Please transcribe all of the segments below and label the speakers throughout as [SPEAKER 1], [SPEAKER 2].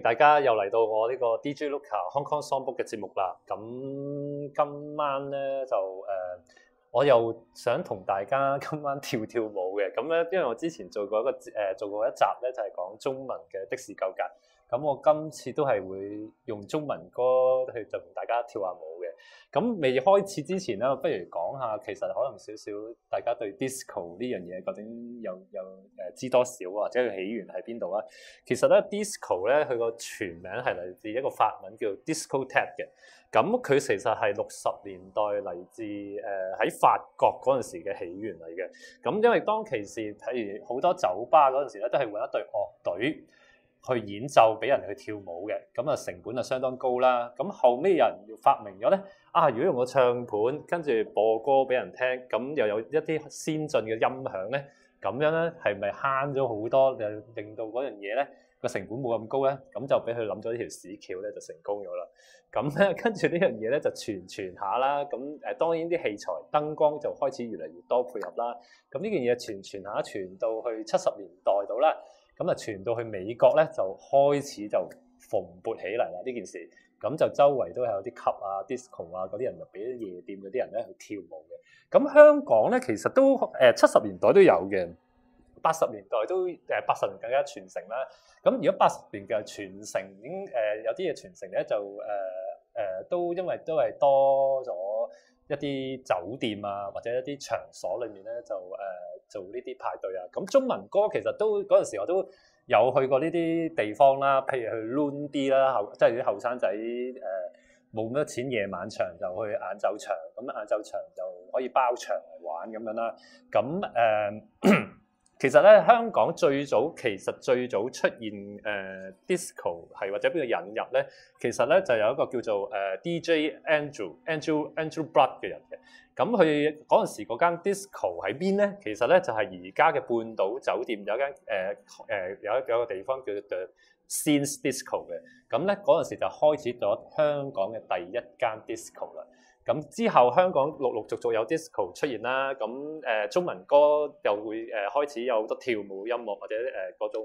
[SPEAKER 1] 大家又嚟到我呢個 DJ Luka Hong Kong Songbook 嘅節目啦。咁今晚咧就、呃、我又想同大家今晚跳跳舞嘅。咁咧，因為我之前做過一個、呃、做過一集咧，就係、是、講中文嘅的，的士夠格。咁我今次都係會用中文歌去同大家跳下舞嘅。咁未開始之前咧，我不如講下其實可能少少大家對 disco 呢樣嘢究竟有有、呃、知多少，或者起源喺邊度啊？其實咧 disco 咧佢個全名係嚟自一個法文叫 discotheque 嘅。咁佢其實係六十年代嚟自喺、呃、法國嗰陣時嘅起源嚟嘅。咁因為當其時譬如好多酒吧嗰陣時咧，都係揾一隊樂隊。去演奏俾人去跳舞嘅，咁啊，成本啊相當高啦。咁後尾人要發明咗咧，啊如果用個唱盤跟住播歌俾人聽，咁又有一啲先進嘅音響咧，咁樣咧係咪慳咗好多？又令到嗰樣嘢咧個成本冇咁高咧，咁就俾佢諗咗呢條屎橋咧就成功咗啦。咁咧跟住呢樣嘢咧就傳傳下啦。咁誒當然啲器材、燈光就開始越嚟越多配合啦。咁呢件嘢傳傳下傳到去七十年代到啦。咁啊，就傳到去美國咧，就開始就蓬勃起嚟啦！呢件事，咁就周圍都有啲 club 啊、disco 啊嗰啲人，就畀啲夜店嗰啲人咧去跳舞嘅。咁香港咧，其實都呃、七十年代都有嘅，八十年代都呃、八十年更加傳承啦。咁如果八十年嘅傳承，呃、有啲嘢傳承咧，就誒、呃呃、都因為都係多咗一啲酒店啊，或者一啲場所裏面咧就誒。呃做呢啲派對啊，咁中文歌其實都嗰陣時我都有去過呢啲地方啦，譬如去 lun 啲啦，後即係啲後生仔，誒，冇咁多錢，夜晚場就去晏晝場，咁晏晝場就可以包場嚟玩咁樣啦，咁誒。呃 其實咧，香港最早其實最早出現誒、呃、disco 係或者邊個引入咧？其實咧就有一個叫做、呃、DJ Andrew Andrew Andrew Blood 嘅人嘅。咁佢嗰陣時嗰間 disco 喺邊咧？其實咧就係而家嘅半島酒店有間誒誒有有個地方叫做 The Scene Disco 嘅。咁咧嗰陣時就開始咗香港嘅第一間 disco 啦。咁之後，香港陸陸續續有 disco 出現啦。咁誒，中文歌又會誒開始有好多跳舞音樂或者誒嗰種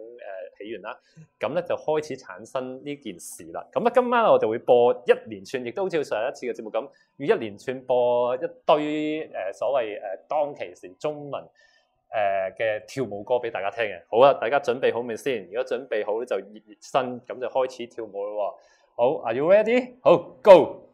[SPEAKER 1] 起源啦。咁咧就開始產生呢件事啦。咁啊，今晚我就會播一連串，亦都好似上一次嘅節目咁，要一連串播一堆誒所謂誒當其時中文誒嘅跳舞歌俾大家聽嘅。好啊，大家準備好未先？如果準備好咧，就熱熱身，咁就開始跳舞咯喎。好，Are you ready？好，Go！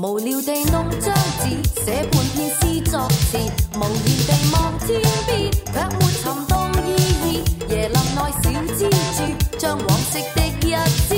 [SPEAKER 2] 無聊地弄張紙，寫半篇詩作詞。無言地望天邊，卻沒尋到意義。椰林內小蜘蛛，將往昔的日子。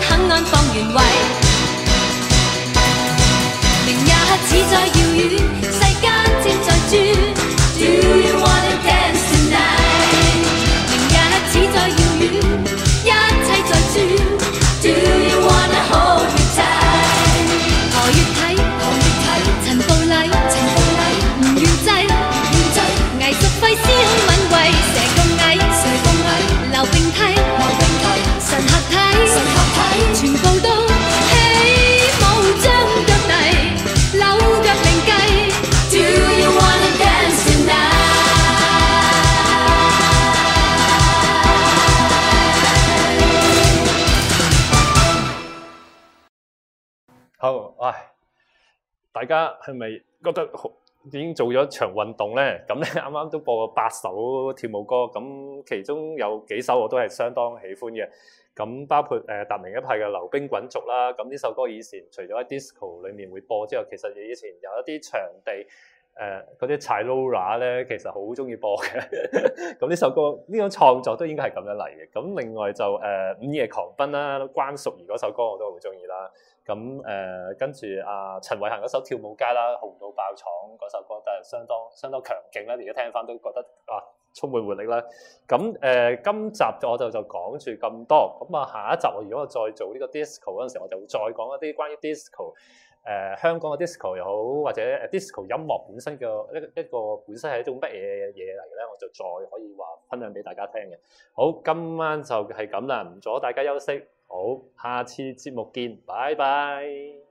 [SPEAKER 2] 肯安放原位，明日似在遙遠，世間正在轉。
[SPEAKER 1] 大家係咪覺得已經做咗場運動咧？咁咧啱啱都播過八首跳舞歌，咁其中有幾首我都係相當喜歡嘅。咁包括誒達、呃、明一派嘅《溜冰滾族》啦，咁呢首歌以前除咗喺 disco 裏面會播之外，其實以前有一啲場地誒嗰啲踩 roller 咧，其實好中意播嘅。咁 呢首歌呢種創作都應該係咁樣嚟嘅。咁另外就誒午、呃、夜狂奔啦，關淑怡嗰首歌我都好中意啦。咁誒，跟住阿陳慧嫻嗰首《跳舞街》啦，紅到爆廠嗰首歌，都係相當相當強勁啦！而家聽翻都覺得啊，充滿活力啦。咁誒、呃，今集我就就講住咁多。咁啊，下一集我如果我再做呢個 disco 嗰陣時，我就會再講一啲關於 disco 誒、呃、香港嘅 disco 又好，或者 disco 音樂本身嘅一一個本身係一種乜嘢嘢嚟咧，我就再可以話分享俾大家聽嘅。好，今晚就係咁啦，唔阻大家休息。好，下次節目見，拜拜。